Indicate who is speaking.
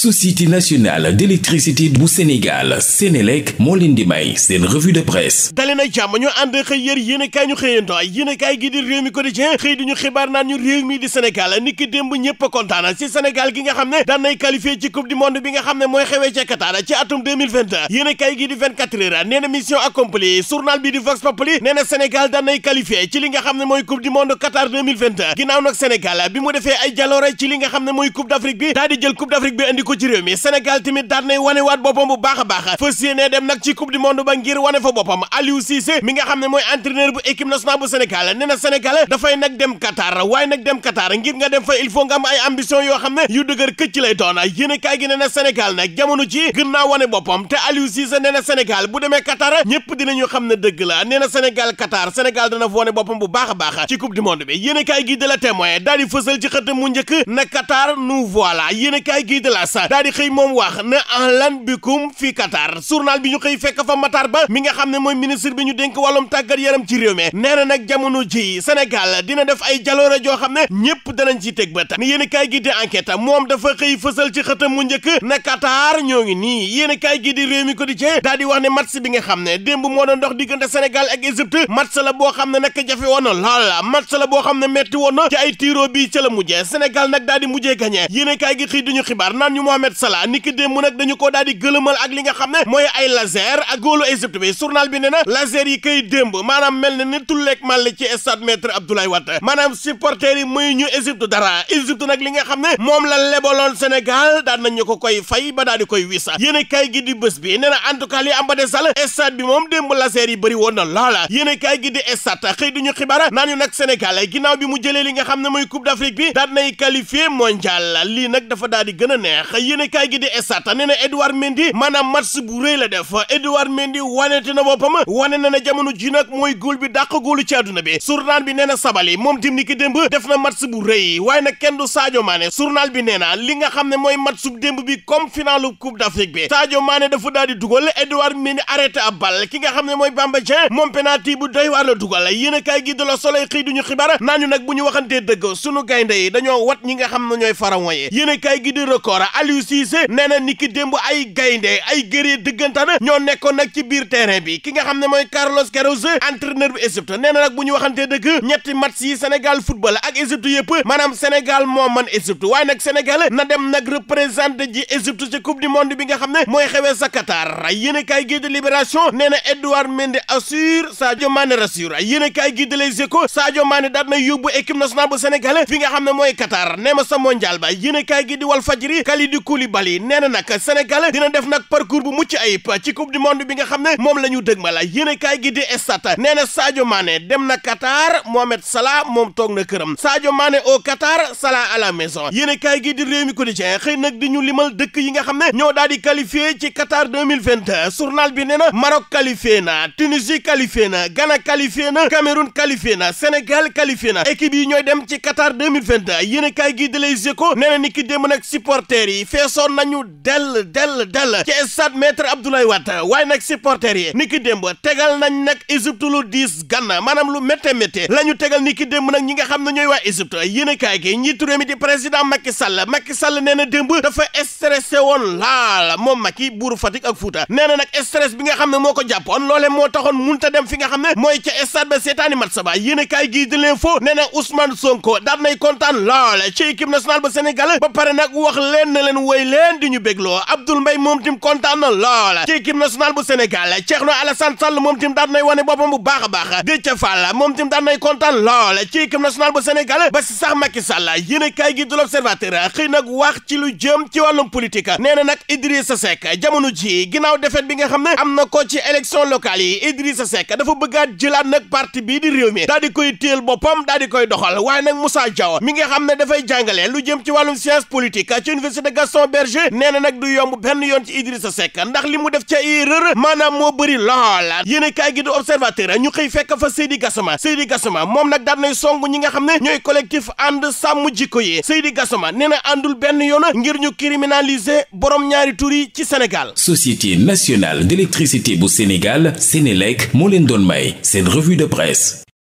Speaker 1: société nationale d'électricité bu Sénégal Sénélec moo leen di may seen revue de presse dali na ñu ànd xëy yër yéenekaay ñu xëyanto yéenekaay gi di réew mi quotidien xëy di ñu xibaar naan ñu réew mi di Sénégal ni ki démb ñëpp kontaan ci Sénégal gi nga xam ne daan nay qualifié ci coupe du monde bi nga xam ne mooy xewee ca Qatar ci atum 2022 gi di 24 na mission accomplie journal bi di Vox Populi nee na Sénégal daan nay qualifié ci li nga xam ne mooy coupe du monde Qatar 2022 ginnaaw nag ko ci réew mi Sénégal tamit daan nay wane waat boppam bu baax a baax fas yéenee dem nag ci coupe du monde ba ngir wane fa boppam Aliou Cissé mi nga xam ne mooy entraîneur bu équipe nationale bu Sénégal nee na Sénégal dafay nag dem Qatar waaye ne yu dëgër na Sénégal ci gën naa wane boppam te Aliou Cissé nee na Sénégal bu demee Qatar ñëpp dinañu xam ne dëgg la nee na Sénégal Qatar Sénégal dana fa wane boppam bu baax a baax ci coupe du bi yéen kaay gi de la témoin daal di fësal daal di xëy moom wax ne ahlan bikum fi Qatar journal bi ñu xëy fekk fa Matar Ba mi nga xam ne mooy ministre bi ñu dénk wàllum tàggat yaram ci réew mi nee na nag jamono ji Sénégal dina def ay jaloore joo xam ne ñëpp danañ ci teg bët ni yéen kaay gi di enquête moom dafa xëy fësal ci xëtam mu njëkk ne Qatar ñoo ngi nii yéen kaay gi di réew mi quotidien daal di wax ne match bi nga xam ne démb moo doon dox diggante Sénégal ak Égypte match la boo xam ne nag jafe woon na lool la boo xam ne metti woon na ci ay tiro bi ca la mujjee Sénégal nag daal di mujjee gagné yéen kaay gi Mohamed Salah ni ki démb nag dañu koo daal di gëlëmal ak li nga xam ne mooy ay laser ak góolu bi ne na laser yi koy démb maanaam mel na ni tulleeg màlle ci stade maître Abdoulaye Wade maanaam supporters yi muy ñu dara Égypte nag li nga xam ne moom la lebaloon senegal daan nañ ñu ko koy fay ba daal di koy wisa yéen kay gi di bés bi nee na en tout cas li ambade sal stade bi moom démb laser yi bëri woon na loola yéen kay gi di stade xëy duñu xibaar naa ñu nag Sénégal ginnaaw bi mu jëlee li nga xam ne mooy Coupe d'Afrique bi daal nay qualifié mondial lii nag dafa daal di gën a neex yéen kaay gi di Stades nee na Edouard Mendy maanaam match bu rëy la def Edouard Mendy wanete na boppam wane na ne jamono ji nag mooy góol bi dàq góolu ci àdduna bi journal bi nee na Sabaly moom dim ni ki démb def na match bu rëy waaye nag kenn du Sadio Mané journal bi nee na li nga xam ne mooy match bu démb bi comme finalu Coupe d'Afrique bi Sadio Mané dafa daal di dugal Edouard Mendy arrêté ab bal ki nga xam ne mooy Bamba Dieng moom penalty bu doy waar la dugal yéen kaay gi de la Soleil xëy duñu xibaar naa ñu nag bu ñu waxantee dëgg sunu gaynde yi dañoo ñi nga xam ne ñooy pharaon yi yéen kaay gi di Aliou Cissé nee na ni ki démb ay gaynde ay gëree dëggantaan ñoo nekkoon nag ci biir terrain bi ki nga xam ne mooy Carlos Queiroz entraîneur bu Égypte nee na nag bu ñu waxantee dëgg ñetti match yi Sénégal football ak Égypte yëpp maanaam Sénégal moo man Égypte waaye nag Sénégal na dem nag représenté ji Égypte ci coupe du monde bi nga xam ne mooy xewee sa Qatar yéen kaay gi de Libération nee na Edouard Mendy assure Sadio Mané rassure yéen kaay gi de Les Échos Sadio Mané daal na yóbbu équipe nationale bu Sénégal fi nga xam ne mooy Qatar nee ma sa mondial ba yéen kaay gi di Walfadjri Kalidou Kalidou Koulibaly nee na nag Sénégal dina def nag parcours bu mucc ayib ci coupe du monde bi nga xam ne moom la ñu dëgmala yéenekaay gi di estat nee na Sadio Mané dem na Qatar Mohamed Salah moom toog na këram Sadio Mané au Qatar Salah à la maison yéenekaay gi di Rewmi Quotidien xëy nag di ñu limal dëkk yi nga xam ne ñoo daal di qualifié ci Qatar 2022 journal bi nee na Maroc qualifié na Tunisie qualifié na Ghana qualifié na Cameroun qualifié na Sénégal qualifié na équipe yi ñooy dem ci Qatar 2022 yéenekaay gi di Les Échos nee na ni ki démb nag supporters yi feesoon nañu dell dell dell ci stade maître Abdoulaye Wade waaye nag supporters yi ni ki démb tegal nañ nag Égypte lu diis gànna maanaam lu métte métte la ñu tegal ni ki démb nag ñi nga xam ne ñooy waa Égypte yéen a kaay gi njiitu réew mi di président Macky Sall nee na démb dafa stressé woon laal moom Macky buuru Fatick ak Fouta nee na nag stress bi nga xam ne moo ko jàppoon loole moo taxoon munta dem fi nga xam ne mooy ca stade ba seetaani mat sa ba yéen a kaay gii di l'info nee na Ousmane Sonko daan kontaan lool ci ba Sénégal ba pare nag wax leen woy leen di ñu bégloo Abdoul Mbaye moom tim kontaan na ci équipe nationale bu Sénégal Thierno Alassane Sall moom tim daan wane boppam bu baax a baax Déthié Fall moom tim daan nay kontaan loola ci équipe nationale bu Sénégal ba si sax Macky Sall yéen kay gi du l'Observateur xëy nag wax ci lu jëm ci wàllum politique nee na nag Idrissa Seck jamono ji ginnaaw défaite bi nga xam ne am na ko ci élection locale yi Idrissa Seck dafa bëggaat jëlaat nag parti bii di réew mi daal di koy koy doxal waaye nag Moussa Diaw mi nga xam ne dafay Gaston Berger nee na nag du yomb benn yoon ci Idrissa Seck ndax li mu def ca erreur maanaam moo bëri loola yéen kaay gi du observateur ñu xëy fekk fa Seydi Gassama Seydi Gassama moom nag daan nay song ñi nga xam ne ñooy collectif ànd sàmm jikko yi Seydi Gassama nee na àndul benn yoon ngir ñu criminaliser borom ñaari tur yi ci Sénégal. Société nationale d'électricité bu Sénégal Sénélec moo leen doon may seen revue de presse.